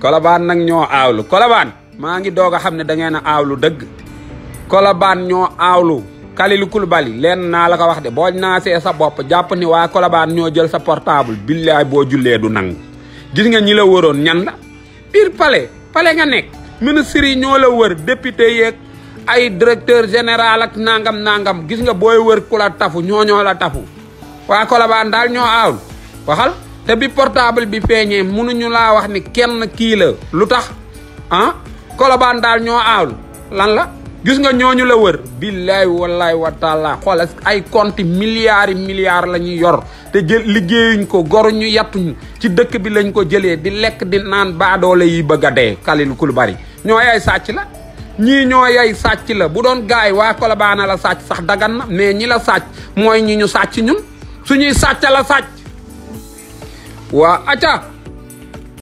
kolobaan nag ñoo aawlu kolobaan maa ngi doog a xam ne da ngeen a aawlu dëgg kolobaan ñoo aawlu Kalilou Koulibaly leen naa la ko wax de boo naasee sa bopp jàpp ni waa kolobaan ñoo jël sa portable billaay boo jullee du nangu gis nga ñii la wëroon ñan la biir pale palais nga nekk ministres yi ñoo la wër député yeeg ay directeur général ak nangam nangam gis nga booy wër ku la tafu ñoo ñoo la tafu waa kolobaan daal ñoo aawlu waxal te bi portable bi feeñee mënuñu laa wax ni kenn kii la lu tax ah kolobaan daal ñoo aawlu lan la gis nga ñooñu la wër billaay wallaay wa taala xool ay compte milliards yi milliards la ñuy yor te jël liggéeyuñ ko goruñu yattuñu ci dëkk bi lañ ko jëlee di lekk di naan baadoole yi bëgg a dee Kalidou Koulibaly ñoo yay sàcc la ñii ñoo yay sàcc la bu doon gaay waa Kolobane la sàcc sax dagan na mais ñi la sàcc mooy ñi ñu sàcc ñun suñuy sàcc la sàcc waa aca